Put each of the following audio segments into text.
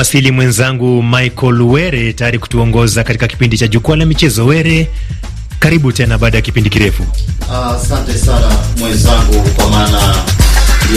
Nimewasili mwenzangu Michael Were tayari kutuongoza katika kipindi cha jukwaa la michezo. Were, karibu tena baada ya kipindi kirefu. Asante uh, sana mwenzangu, kwa maana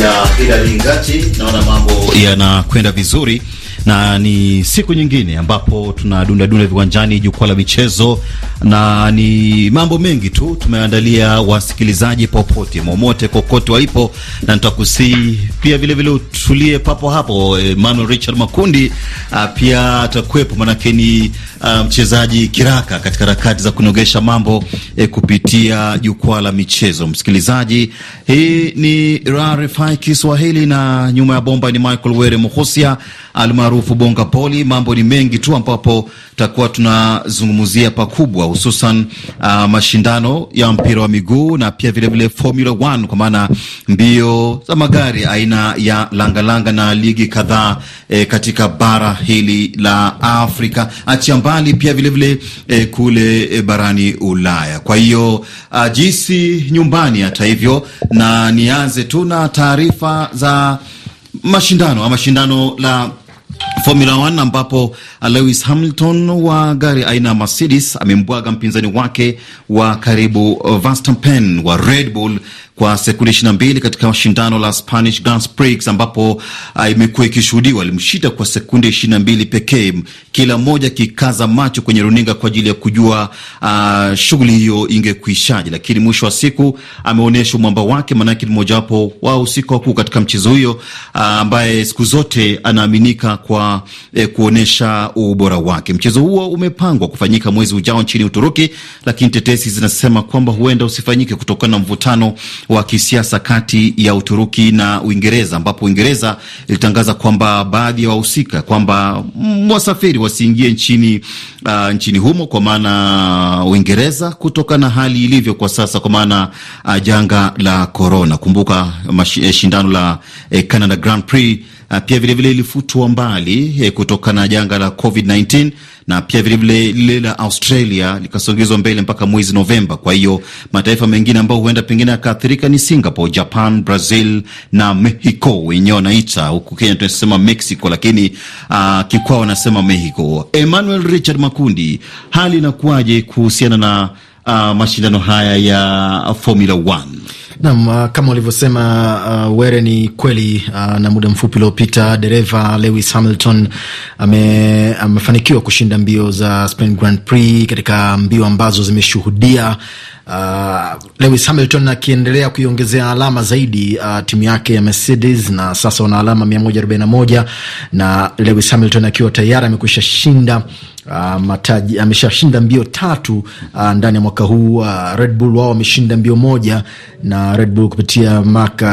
ya Hilari Ngati, naona mambo yanakwenda vizuri na ni siku nyingine ambapo tunadunda dunda viwanjani, jukwaa la michezo, na ni mambo mengi tu tumeandalia wasikilizaji popote momote kokote walipo, na nitakusii pia vile vile utulie papo hapo. Emmanuel Richard Makundi a, ah, pia atakuwepo, manake ni ah, mchezaji kiraka katika harakati za kunogesha mambo e, kupitia jukwaa la michezo. Msikilizaji, hii ni RFI Kiswahili na nyuma ya bomba ni Michael Were Muhusia almaarufu Bonga Poli. Mambo ni mengi tu, ambapo tutakuwa tunazungumzia pakubwa, hususan uh, mashindano ya mpira wa miguu na pia vilevile Formula 1 kwa maana mbio za magari aina ya langalanga na ligi kadhaa e, katika bara hili la Afrika, achia mbali pia vilevile e, eh, kule e, barani Ulaya. Kwa hiyo uh, jinsi nyumbani, hata hivyo, na nianze tu na taarifa za mashindano ama shindano la Formula 1 ambapo uh, Lewis Hamilton wa gari aina ya Mercedes amembwaga mpinzani wake wa karibu uh, Verstappen wa Red Bull kwa sekunde 22 katika shindano la Spanish Grand Prix ambapo ah, imekuwa ikishuhudiwa. Alimshinda kwa sekunde 22 pekee, kila mmoja akikaza macho kwenye runinga kwa ajili ya kujua uh, shughuli hiyo ingekuishaje, lakini mwisho wa siku ameonyesha mwamba wake, maanake ni mojawapo wa usika wakuu katika mchezo huyo, ah, ambaye siku zote anaaminika kwa eh, kuonyesha ubora wake. Mchezo huo umepangwa kufanyika mwezi ujao nchini Uturuki, lakini tetesi zinasema kwamba huenda usifanyike kutokana na mvutano wa kisiasa kati ya Uturuki na Uingereza, ambapo Uingereza ilitangaza kwamba baadhi ya wa wahusika kwamba mm, wasafiri wasiingie nchini, uh, nchini humo kwa maana Uingereza, kutokana na hali ilivyo kwa sasa, kwa maana uh, janga la korona. Kumbuka eh, shindano la eh, Canada Grand Prix pia vilevile ilifutwa mbali eh, kutokana na janga la COVID-19 na pia vilevile lile la Australia likasogezwa mbele mpaka mwezi Novemba. Kwa hiyo mataifa mengine ambayo huenda pengine yakaathirika ni Singapore, Japan, Brazil na Mexico wenyewe wanaita, huku Kenya tunasema Mexico, lakini uh, kikwao wanasema Mexico. Emmanuel Richard Makundi, hali inakuwaje kuhusiana na uh, mashindano haya ya Formula 1? nam uh, kama ulivyosema uh, Were, ni kweli uh, na muda mfupi uliopita dereva Lewis Hamilton ame, amefanikiwa kushinda mbio za Spain Grand Prix katika mbio ambazo zimeshuhudia Uh, Lewis Hamilton akiendelea kuiongezea alama zaidi uh, timu yake ya Mercedes na sasa wana alama 141 na Lewis Hamilton akiwa tayari amekwisha shinda uh, mataji ameshashinda mbio tatu uh, ndani ya mwaka huu uh, Red Bull wao wameshinda mbio moja na Red Bull kupitia Mark uh,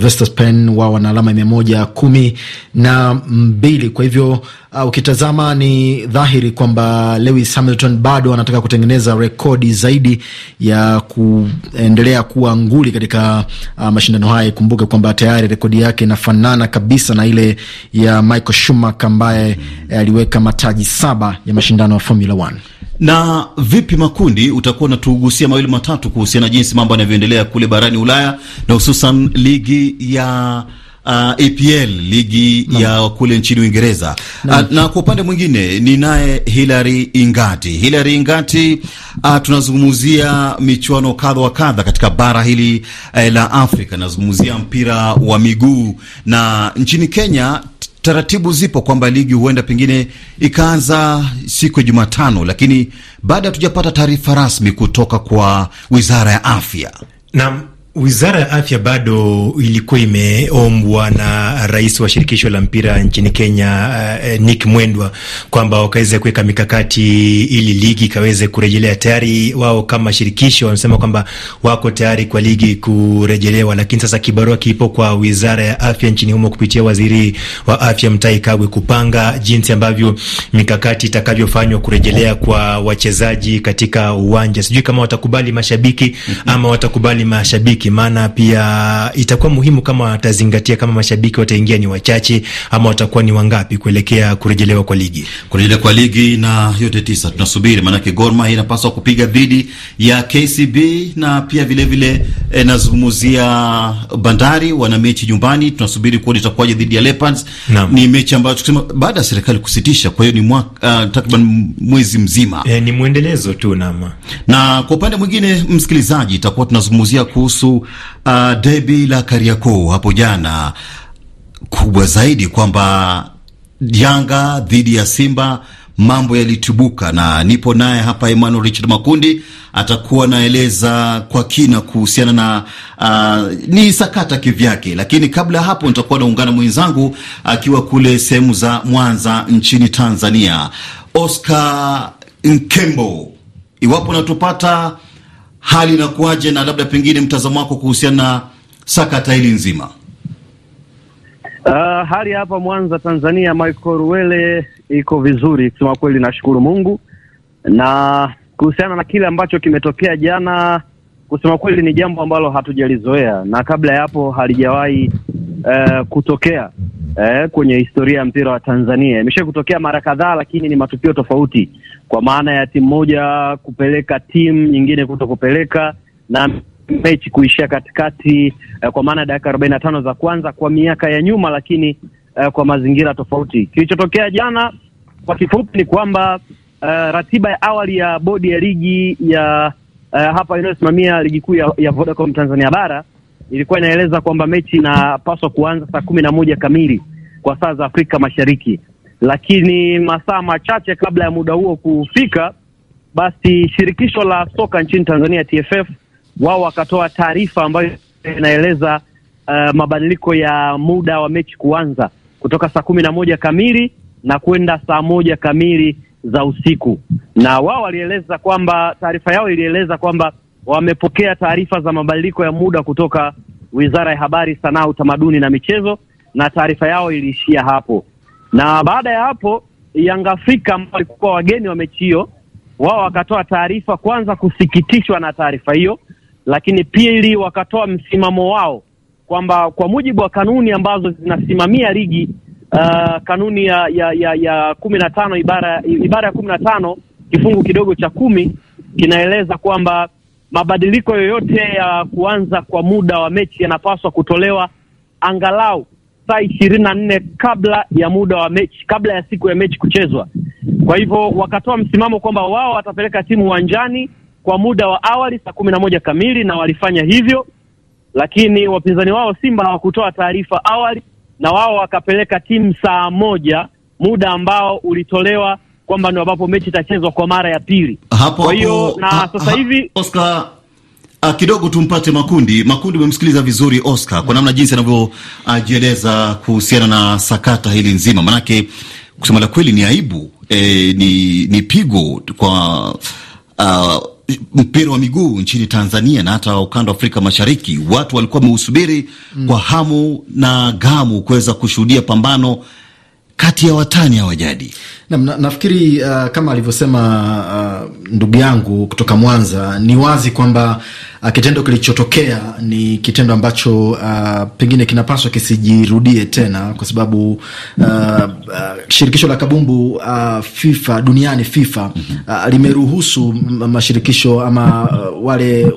Verstappen wao wana alama mia moja kumi na mbili kwa hivyo Uh, ukitazama ni dhahiri kwamba Lewis Hamilton bado anataka kutengeneza rekodi zaidi ya kuendelea kuwa nguli katika uh, mashindano haya. Ikumbuke kwamba tayari rekodi yake inafanana kabisa na ile ya Michael Schumacher ambaye eh, aliweka mataji saba ya mashindano ya Formula 1. Na vipi makundi, utakuwa unatugusia mawili matatu kuhusiana jinsi mambo yanavyoendelea kule barani Ulaya na hususan ligi ya uh, ah, APL ligi no. ya kule nchini Uingereza no. uh, ah, na kwa upande mwingine ni naye Hilary Ingati. Hilary Ingati, uh, tunazungumzia michuano kadha wa kadha katika bara hili uh, la Afrika, nazungumzia mpira wa miguu na nchini Kenya taratibu zipo kwamba ligi huenda pengine ikaanza siku ya Jumatano, lakini bado hatujapata taarifa rasmi kutoka kwa wizara ya afya. Naam. Wizara ya afya bado ilikuwa imeombwa na rais wa shirikisho la mpira nchini Kenya, uh, Nick Mwendwa kwamba wakaweze kuweka mikakati ili ligi ikaweze kurejelea. Tayari wao kama shirikisho wamesema kwamba wako tayari kwa ligi kurejelewa, lakini sasa kibarua kipo kwa wizara ya afya nchini humo kupitia waziri wa afya Mtai Kagwe kupanga jinsi ambavyo mikakati itakavyofanywa kurejelea kwa wachezaji katika uwanja. Sijui kama watakubali mashabiki ama watakubali mashabiki Kimana, pia itakuwa muhimu kama watazingatia kama mashabiki wataingia ni wachache ama watakuwa ni wangapi kuelekea kurejelewa kwa ligi, kurejelewa kwa ligi na yote tisa tunasubiri, maanake Gor Mahia inapaswa kupiga dhidi ya KCB na pia vilevile e, eh, nazungumzia Bandari wana mechi nyumbani, tunasubiri kuona itakuwaje dhidi ya Leopards. Ni mechi ambayo tukisema baada ya serikali kusitisha, kwa hiyo ni mwaka uh, takriban mwezi mzima e, ni mwendelezo tu nama. Na kwa upande mwingine, msikilizaji, itakuwa tunazungumzia kuhusu uh, ah, debi la Kariakoo hapo jana, kubwa zaidi kwamba Yanga dhidi ya Simba mambo yalitubuka, na nipo naye hapa Emmanuel Richard Makundi atakuwa naeleza kwa kina kuhusiana na uh, ni sakata kivyake, lakini kabla ya hapo nitakuwa naungana mwenzangu akiwa kule sehemu za Mwanza nchini Tanzania, Oscar Nkembo, iwapo natupata hali inakuwaje, na labda pengine mtazamo wako kuhusiana na sakata hili nzima? Uh, hali hapa Mwanza Tanzania, Michael Ruwele, iko vizuri kusema kweli, nashukuru Mungu. Na kuhusiana na kile ambacho kimetokea jana, kusema kweli ni jambo ambalo hatujalizoea na kabla ya hapo halijawahi uh, kutokea uh, kwenye historia ya mpira wa Tanzania. Imesha kutokea mara kadhaa, lakini ni matukio tofauti kwa maana ya timu moja kupeleka timu nyingine kuto kupeleka na mechi kuishia katikati, uh, kwa maana ya dakika arobaini na tano za kwanza kwa miaka ya nyuma, lakini uh, kwa mazingira tofauti. Kilichotokea jana kwa kifupi ni kwamba uh, ratiba ya awali ya bodi ya ligi ya uh, hapa inayosimamia ligi kuu ya, ya Vodacom Tanzania bara ilikuwa inaeleza kwamba mechi inapaswa kuanza saa kumi na moja kamili kwa saa za Afrika Mashariki lakini masaa machache kabla ya muda huo kufika, basi shirikisho la soka nchini Tanzania TFF wao wakatoa taarifa ambayo inaeleza uh, mabadiliko ya muda wa mechi kuanza kutoka saa kumi na moja kamili na kwenda saa moja kamili za usiku, na wao walieleza kwamba taarifa yao ilieleza kwamba wamepokea taarifa za mabadiliko ya muda kutoka Wizara ya Habari, Sanaa, Utamaduni na Michezo, na taarifa yao iliishia hapo na baada ya hapo Yanga Afrika ambao walikuwa wageni wa mechi hiyo, wao wakatoa taarifa kwanza kusikitishwa na taarifa hiyo, lakini pili wakatoa msimamo wao kwamba kwa mujibu wa kanuni ambazo zinasimamia ligi uh, kanuni ya ya, ya, ya kumi na tano ibara ibara ya kumi na tano kifungu kidogo cha kumi kinaeleza kwamba mabadiliko yoyote ya kuanza kwa muda wa mechi yanapaswa kutolewa angalau saa ishirini na nne kabla ya muda wa mechi, kabla ya siku ya mechi kuchezwa. Kwa hivyo wakatoa msimamo kwamba wao watapeleka timu uwanjani kwa muda wa awali saa kumi na moja kamili na walifanya hivyo, lakini wapinzani wao Simba hawakutoa taarifa awali, na wao wakapeleka timu saa moja, muda ambao ulitolewa kwamba ndo ambapo mechi itachezwa kwa mara ya pili. Kwa hiyo na sasa hivi Oscar Uh, kidogo tumpate Makundi. Makundi, umemsikiliza vizuri Oscar kwa namna jinsi anavyojieleza ah, uh, kuhusiana na sakata hili nzima, manake kusema la kweli ni aibu e, ni, ni pigo kwa uh, mpira wa miguu nchini Tanzania na hata ukanda wa Afrika Mashariki. Watu walikuwa wameusubiri mm, kwa hamu na gamu kuweza kushuhudia pambano kati ya watani hawa jadi na, na, nafikiri uh, kama alivyosema uh, ndugu yangu kutoka Mwanza, ni wazi kwamba uh, kitendo kilichotokea ni kitendo ambacho uh, pengine kinapaswa kisijirudie tena, kwa sababu uh, uh, shirikisho la kabumbu uh, FIFA duniani FIFA uh, limeruhusu mashirikisho ama uh, wale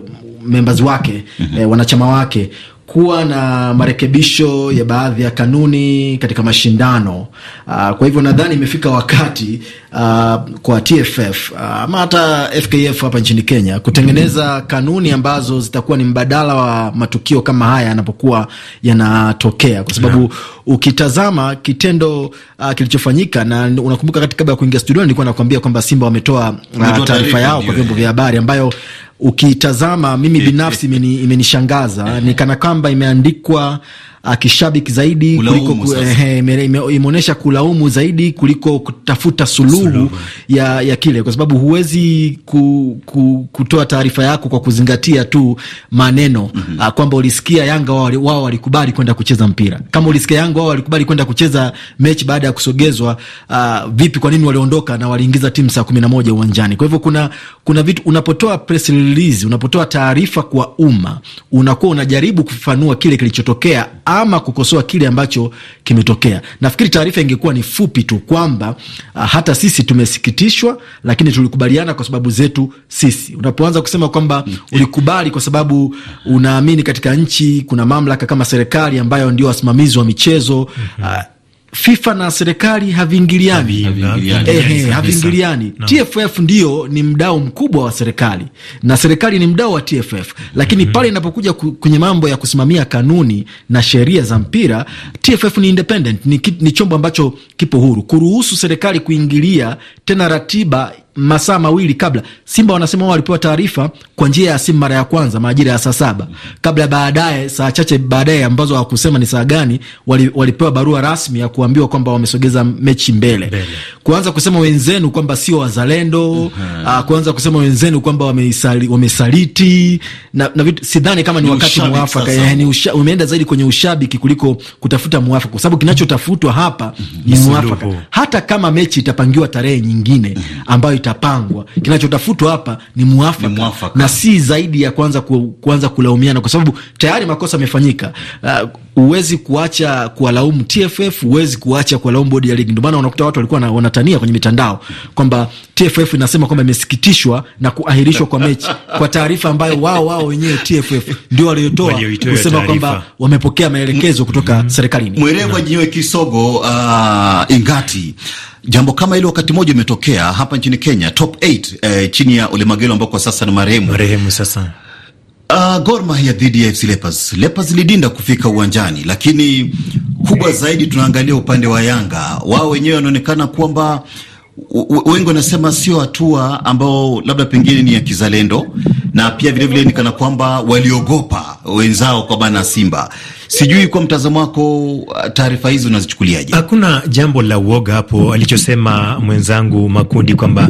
members wake mhm. eh, wanachama wake kuwa na marekebisho ya baadhi ya kanuni katika mashindano. Uh, kwa hivyo nadhani imefika wakati uh, kwa TFF ah, ama uh, hata FKF hapa nchini Kenya kutengeneza mm-hmm. kanuni ambazo zitakuwa ni mbadala wa matukio kama haya yanapokuwa yanatokea, kwa sababu yeah. Ukitazama kitendo uh, kilichofanyika na unakumbuka, katika kabla ya kuingia studio nilikuwa nakwambia kwamba Simba wametoa uh, taarifa yao kwa vyombo vya habari ambayo ukitazama mimi binafsi imenishangaza, ni kana kwamba imeandikwa Uh, kishabiki zaidi kuliko imeonyesha kulaumu zaidi kuliko kutafuta suluhu, ya, ya kile, kwa sababu huwezi ku, ku, kutoa taarifa yako kwa kuzingatia tu maneno mm -hmm. kwamba ulisikia Yanga wao walikubali kwenda kucheza mpira, kama ulisikia Yanga wao walikubali kwenda kucheza mechi baada ya kusogezwa uh, vipi? Kwa nini waliondoka na waliingiza timu saa kumi na moja uwanjani? Kwa hivyo kuna, kuna vitu unapotoa press release, unapotoa taarifa kwa umma unakuwa unajaribu kufafanua kile kilichotokea ama kukosoa kile ambacho kimetokea. Nafikiri taarifa ingekuwa ni fupi tu kwamba uh, hata sisi tumesikitishwa, lakini tulikubaliana kwa sababu zetu sisi. Unapoanza kusema kwamba mm. ulikubali kwa sababu unaamini katika nchi kuna mamlaka kama serikali ambayo ndio wasimamizi wa michezo uh, FIFA na serikali haviingiliani, haviingiliani. TFF ndio ni mdau mkubwa wa serikali na serikali ni mdau wa TFF, lakini mm -hmm. pale inapokuja kwenye mambo ya kusimamia kanuni na sheria za mpira, TFF ni independent, ni, ni chombo ambacho kipo huru kuruhusu serikali kuingilia tena ratiba masaa mawili kabla. Simba wanasema wao walipewa taarifa kwa njia ya simu mara ya kwanza majira ya saa saba kabla, baadaye saa chache baadaye, ambazo hawakusema ni saa gani, walipewa barua rasmi ya kuambiwa kwamba wamesogeza mechi mbele, mbele kuanza kusema wenzenu kwamba sio wazalendo uh mhm. ah, -huh. Kuanza kusema wenzenu kwamba wamesaliti na, na vitu, sidhani kama ni, ni wakati mwafaka. Yani usha, umeenda zaidi kwenye ushabiki kuliko kutafuta mwafaka, kwa sababu kinachotafutwa hapa mm -hmm. ni mwafaka, hata kama mechi itapangiwa tarehe nyingine mhm. ambayo itapangwa, kinachotafutwa hapa ni mwafaka, ni mwafaka na si zaidi ya kuanza, ku, kuanza kulaumiana kwa sababu tayari makosa yamefanyika. Uh, ah, uwezi kuacha kuwalaumu TFF, uwezi kuacha kuwalaumu bodi ya ligi, ndio maana unakuta watu walikuwa na Tanzania kwenye mitandao kwamba TFF inasema kwamba imesikitishwa na kuahirishwa kwa mechi kwa taarifa ambayo wao wao wenyewe TFF ndio waliotoa kusema kwamba wamepokea maelekezo kutoka mm -hmm. serikalini. Mwerewa jinyewe kisogo uh, ingati jambo kama hilo wakati mmoja imetokea hapa nchini Kenya top 8 eh, chini ya Ole Magelo ambao kwa sasa ni marehemu marehemu sasa Uh, Gor Mahia dhidi ya FC Leopards. Leopards lidinda kufika uwanjani, lakini kubwa zaidi tunaangalia upande wa Yanga. Wao wenyewe wanaonekana kwamba wengi wanasema sio hatua ambao labda pengine ni ya kizalendo, na pia vilevile ni kana kwamba waliogopa wenzao kwa maana Simba. Sijui kwa mtazamo wako, taarifa hizi unazichukuliaje? Hakuna jambo la uoga hapo, alichosema mwenzangu Makundi kwamba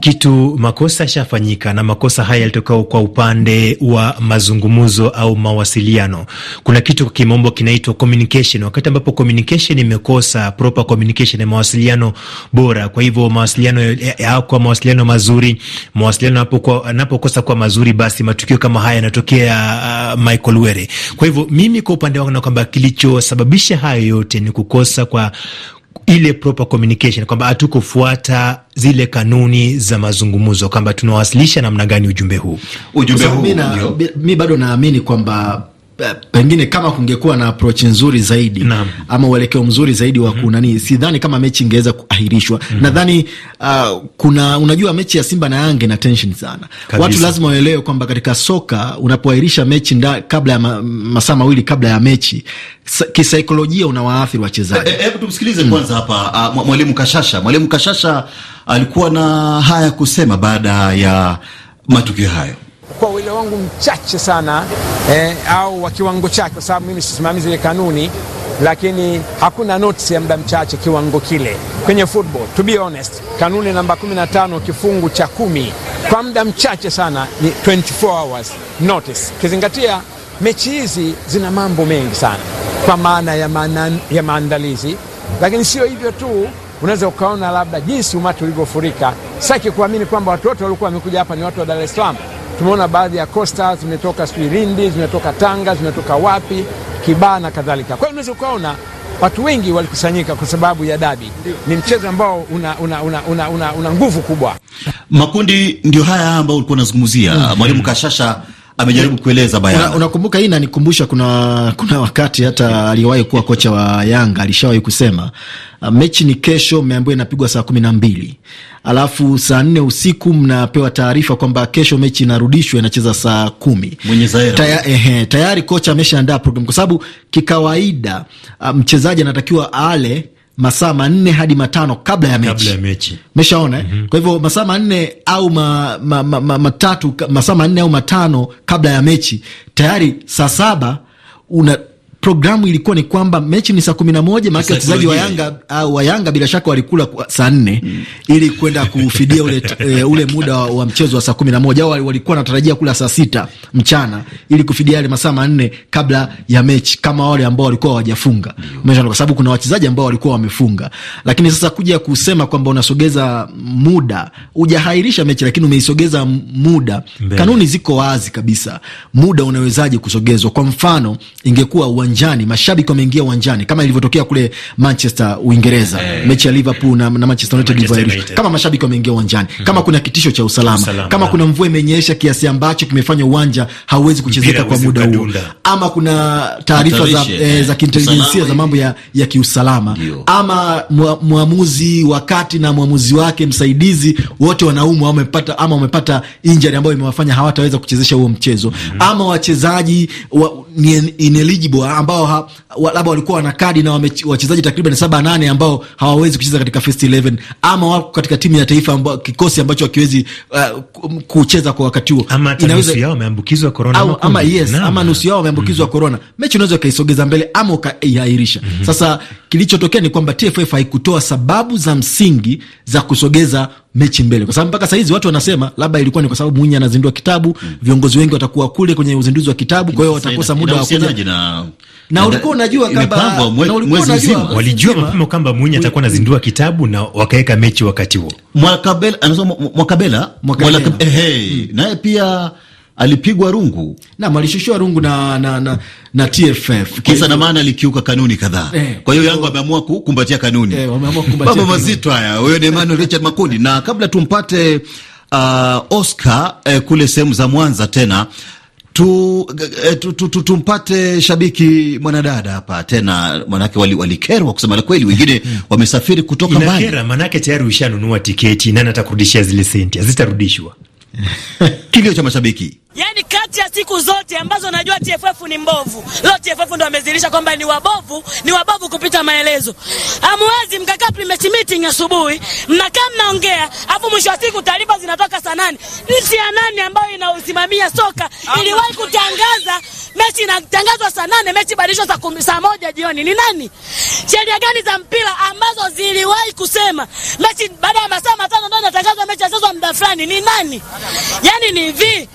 kitu makosa yashafanyika na makosa haya yalitokao kwa upande wa mazungumzo au mawasiliano. Kuna kitu kwa kimombo kinaitwa communication. Wakati ambapo communication imekosa, proper communication, mawasiliano bora. Kwa hivyo mawasiliano kwa mawasiliano mazuri, mawasiliano anapokosa kwa mazuri, basi matukio kama haya yanatokea. Uh, Michael Were. Kwa hivyo mimi kwa upande wangu na kwamba kilichosababisha hayo yote ni kukosa kwa ile proper communication kwamba hatukufuata zile kanuni za mazungumzo, kwamba tunawasilisha namna gani ujumbe huu, ujumbe huu. Mi bado naamini kwamba eh, pengine kama kungekuwa na approach nzuri zaidi na, ama uelekeo mzuri zaidi wa mhm. kunani, sidhani kama mechi ingeweza kuahirishwa mm -hmm. Nadhani uh, kuna unajua, mechi ya Simba na Yanga na tension sana kabisa. Watu lazima waelewe kwamba katika soka unapoahirisha mechi nda, kabla ya ma, masaa mawili kabla ya mechi kisaikolojia unawaathiri wachezaji. Eh, eh, hebu e, e, tumsikilize mm. kwanza hapa mm. uh, mwalimu Kashasha. Mwalimu Kashasha alikuwa na haya kusema baada ya matukio hayo. Kwa uelewa wangu mchache sana eh, au wa kiwango chake, kwa sababu mimi sisimamizi ile kanuni lakini hakuna notisi ya muda mchache kiwango kile kwenye football. To be honest, kanuni namba 15 kifungu cha kumi kwa muda mchache sana ni 24 hours notice, kizingatia mechi hizi zina mambo mengi sana kwa maana ya, ya maandalizi, lakini sio hivyo tu unaweza ukaona labda jinsi umati ulivyofurika. Sitaki kuamini kwamba watu wote walikuwa wamekuja hapa ni watu wa Dar es Salaam. Tumeona baadhi ya kosta zimetoka sijui Lindi, zimetoka Tanga, zimetoka wapi, kibaa na kadhalika. Kwa hiyo unaweza ukaona watu wengi walikusanyika kwa sababu ya dabi. Ni mchezo ambao una, una, una, una, una, una nguvu kubwa. Makundi ndio haya ambayo ulikuwa unazungumzia mm. Mwalimu mm -hmm. Kashasha amejaribu kueleza bayana. Unakumbuka, una hii inanikumbusha kuna, kuna wakati hata aliwahi kuwa kocha wa Yanga alishawahi kusema uh, mechi ni kesho, mmeambiwa inapigwa saa kumi na mbili alafu saa nne usiku mnapewa taarifa kwamba kesho mechi inarudishwa, inacheza saa kumi. Taya, ehe, tayari kocha ameshaandaa programu, kwa sababu kikawaida ah, mchezaji anatakiwa ale masaa manne hadi matano kabla ya mechi, kabla ya mechi. Meshaona eh? mm -hmm. Kwa hivyo masaa manne au ma, ma, ma, ma, matatu masaa manne au matano kabla ya mechi tayari saa saba una programu ilikuwa ni kwamba mechi ni saa kumi na moja maanake wachezaji wa Yanga au ah, wa Yanga bila shaka walikula saa nne mm. ili kwenda kufidia ule, uh, ule muda wa, mchezo wa saa kumi na moja au walikuwa wanatarajia kula saa sita mchana ili kufidia yale masaa manne kabla ya mechi, kama wale ambao walikuwa hawajafunga, kwa sababu kuna wachezaji ambao walikuwa wamefunga. Lakini sasa kuja kusema kwamba unasogeza muda, hujahairisha mechi, lakini umeisogeza muda. Kanuni ziko wazi kabisa, muda unawezaje kusogezwa? Kwa mfano ingekuwa uwanjani, mashabiki wameingia uwanjani kama ilivyotokea kule Manchester Uingereza, hey, eh. mechi ya Liverpool na, na Manchester United ilivyoahirishwa, kama mashabiki wameingia uwanjani -hmm. kama kuna kitisho cha usalama, usalama kama na, kuna mvua imenyesha kiasi ambacho kimefanya uwanja hauwezi kuchezeka kwa muda huo, ama kuna taarifa za, eh, eh, za kiintelijensia za mambo ya, ya kiusalama Dio. ama mwamuzi wakati na mwamuzi wake msaidizi wote wanaumwa wamepata, ama wamepata injury ambayo imewafanya hawataweza kuchezesha huo mchezo mm -hmm. ama wachezaji wa, ni ineligible ambao labda walikuwa wana kadi na wachezaji takriban saba nane ambao hawawezi kucheza katika first 11 ama wako katika timu ya taifa amba, kikosi ambacho hakiwezi uh, kucheza kwa wakati huo, inaweza yao wameambukizwa corona au, ama yes na, ama nusu yao mm-hmm. wameambukizwa mm. corona, mechi unaweza ukaisogeza mbele ama ukaiahirisha. mm -hmm. Sasa kilichotokea ni kwamba TFF haikutoa sababu za msingi za kusogeza mechi mbele, kwa sababu mpaka sahizi watu wanasema labda ilikuwa ni kwa sababu Mwinyi anazindua kitabu mm. Viongozi wengi watakuwa kule kwenye uzinduzi wa kitabu, kwa hiyo watakosa muda wa kuja na ulikuwa unajua kama mwezi mzima walijua mapema kwamba Mwinyi atakuwa anazindua kitabu na wakaweka mechi wakati huo. Mwakabela anasema Mwakabela, ehe, hmm. naye pia alipigwa rungu na alishushiwa rungu na, na, na, na TFF kisa na maana alikiuka kanuni kadhaa eh. Kwa hiyo Yanga ameamua kukumbatia kanuni eh, mambo mazito haya. Huyo ni Emmanuel Richard Makundi, na kabla tumpate uh, Oscar eh, kule sehemu za Mwanza tena tu, eh, tu, tu, tu, tumpate shabiki mwanadada hapa tena, manake walikerwa wali kusema la kweli, wengine mm. wamesafiri kutoka mbali. manake tayari ushanunua tiketi, nani atakurudishia zile senti? Hazitarudishwa. Kilio cha mashabiki Yaani kati ya siku zote ambazo najua TFF ni mbovu, leo TFF ndo amezilisha kwamba ni wabovu, ni wabovu kupita maelezo. Hamwezi mkakaa pre-match meeting asubuhi, mnakaa mnaongea, afu mwisho wa siku taarifa zinatoka saa nane. Nchi ya nani ambayo inausimamia soka iliwahi kutangaza mechi inatangazwa saa nane, mechi badilishwa saa kumi, saa moja jioni? Ni nani? Sheria gani za mpira ambazo ziliwahi kusema mechi baada ya masaa matano ndio inatangazwa mechi ya sasa muda fulani? Ni nani? Yaani ni vi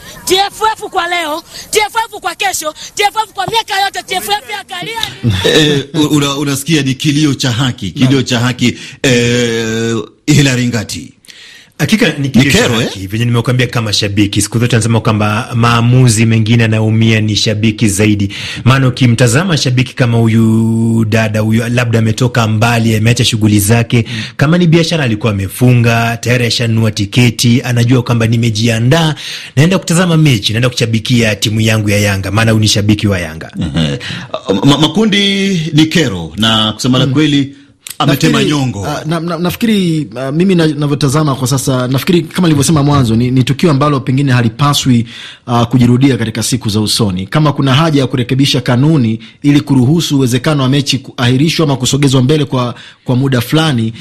TFF kwa leo, TFF kwa kesho, TFF kwa miaka yote, TFF ya kalia. Eh, unasikia ni kilio cha haki, kilio cha haki eh, ringati Hakika ni kero eh? Venye nimekuambia kama shabiki, siku zote anasema kwamba maamuzi mengine anaumia ni shabiki zaidi, maana ukimtazama shabiki kama huyu dada huyu, labda ametoka mbali, ameacha shughuli zake, kama ni biashara alikuwa amefunga tayari, ashanua tiketi, anajua kwamba nimejiandaa, naenda kutazama mechi, naenda kushabikia timu yangu ya Yanga, maana huyu ni shabiki wa Yanga. Makundi ni kero na kusema la mm. kweli ametema nyongo. Ah, na, na, nafikiri uh, mimi navyotazama na kwa sasa, nafikiri kama nilivyosema mwanzo ni, ni tukio ambalo pengine halipaswi uh, kujirudia katika siku za usoni. Kama kuna haja ya kurekebisha kanuni ili kuruhusu uwezekano wa mechi kuahirishwa ama kusogezwa mbele kwa, kwa muda fulani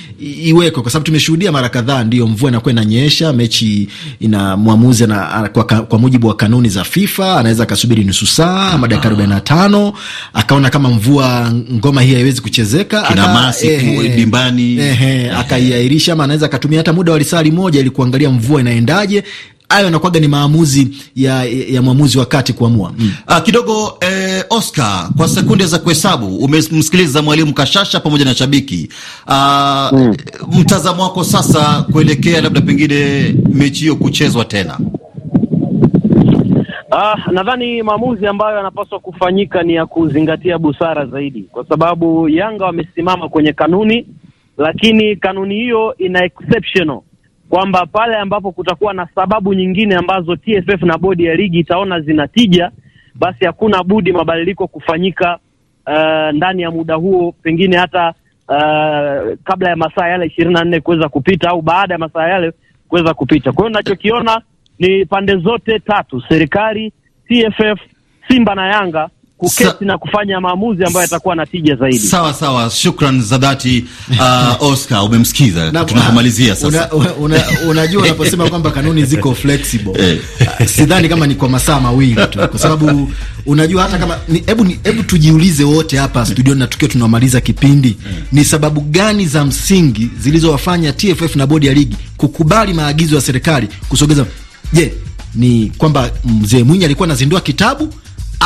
iwekwe, kwa sababu tumeshuhudia mara kadhaa, ndiyo mvua inakuwa inanyesha, mechi ina mwamuzi na, kwa, kwa mujibu wa kanuni za FIFA anaweza akasubiri nusu saa ama dakika tano akaona kama mvua ngoma hii haiwezi kuchezeka eh, dimbani, akaiairisha ama anaweza akatumia hata muda wa lisali moja ili kuangalia mvua inaendaje. Hayo anakwaga ni maamuzi ya, ya mwamuzi wa kati kuamua mm. Ah, kidogo eh, Oscar kwa sekunde za kuhesabu umemsikiliza mwalimu Kashasha pamoja na shabiki ah, mm. Mtazamo wako sasa kuelekea labda pengine mechi hiyo kuchezwa tena Ah, nadhani maamuzi ambayo yanapaswa kufanyika ni ya kuzingatia busara zaidi, kwa sababu Yanga wamesimama kwenye kanuni, lakini kanuni hiyo ina exceptional kwamba pale ambapo kutakuwa na sababu nyingine ambazo TFF na bodi ya ligi itaona zinatija, basi hakuna budi mabadiliko kufanyika uh, ndani ya muda huo, pengine hata uh, kabla ya masaa yale ishirini na nne kuweza kupita au baada ya masaa yale kuweza kupita. Kwa hiyo ninachokiona ni pande zote tatu, serikali, TFF, Simba na Yanga kuketi Sa na kufanya maamuzi ambayo yatakuwa na tija zaidi. Sawa sawa, shukran za dhati. Uh, Oscar umemsikiza, tunapomalizia sasa. Unajua una, una, una unaposema kwamba kanuni ziko flexible eh. uh, sidhani kama ni kwa masaa mawili tu, kwa sababu unajua hata kama hebu hebu tujiulize wote hapa studioni na tukiwa tunamaliza kipindi, ni sababu gani za msingi zilizowafanya TFF na bodi ya ligi kukubali maagizo ya serikali kusogeza Je, ni kwamba mzee Mwinyi alikuwa anazindua kitabu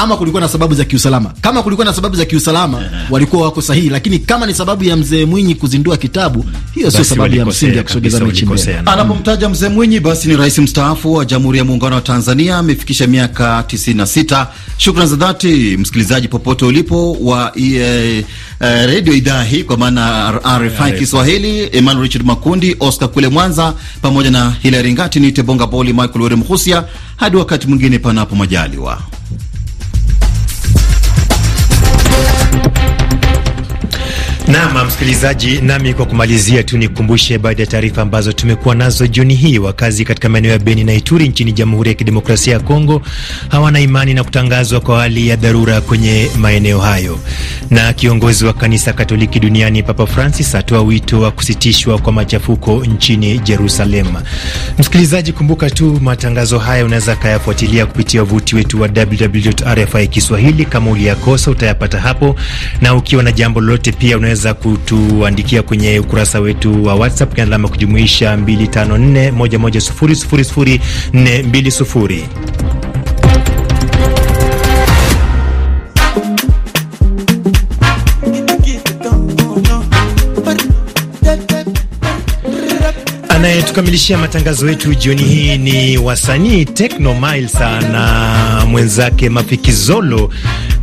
ama kulikuwa na sababu za kiusalama. Kama kulikuwa na sababu za kiusalama, yeah, walikuwa wako sahihi, lakini kama ni sababu ya mzee Mwinyi kuzindua kitabu, hiyo sio sababu ya msingi ya kusogeza mechi mbele. Mm. Anapomtaja mzee Mwinyi, basi ni rais mstaafu wa Jamhuri ya Muungano wa Tanzania, amefikisha miaka 96. Shukrani za dhati msikilizaji, popote ulipo wa e, e, eh, redio idhaa hii kwa maana RFI Kiswahili, Emmanuel Richard Makundi, Oscar Kule Mwanza, pamoja na Hilary Ngati, niite Bonga Boli, Michael Were Mhusia, hadi wakati mwingine, panapo majaliwa. Naam, msikilizaji, nami kwa kumalizia tu nikumbushe baadhi ya taarifa ambazo tumekuwa nazo jioni hii. Wakazi katika maeneo ya Beni na Ituri nchini Jamhuri ya Kidemokrasia ya Kongo hawana imani na kutangazwa kwa hali ya dharura kwenye maeneo hayo. Na kiongozi wa kanisa Katoliki duniani Papa Francis atoa wito wa kusitishwa kwa machafuko nchini Jerusalem. Msikilizaji, kumbuka tu matangazo haya unaweza kayafuatilia kupitia wavuti wetu wa www.rfi Kiswahili. Kama uliyakosa utayapata hapo, na ukiwa na jambo lolote pia unaweza unaweza kutuandikia kwenye ukurasa wetu wa WhatsApp kwa alama kujumuisha 254110000420. Anayetukamilishia matangazo yetu jioni hii ni wasanii Tecno Miles na mwenzake Mafikizolo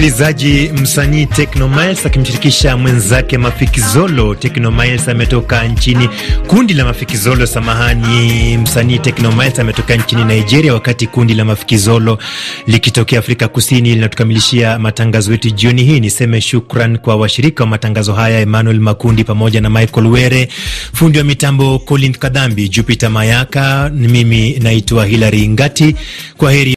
msikilizaji, msanii Tekno Miles akimshirikisha mwenzake Mafiki Zolo. Tekno Miles ametoka nchini kundi la Mafiki Zolo, samahani, msanii Tekno Miles ametoka nchini Nigeria, wakati kundi la Mafiki Zolo likitokea Afrika Kusini. Linatukamilishia matangazo yetu jioni hii. Niseme shukran kwa washirika wa matangazo haya, Emmanuel Makundi pamoja na Michael Were, fundi wa mitambo Colin Kadhambi, Jupiter Mayaka, mimi naitwa Hilary Ngati. Kwa heri.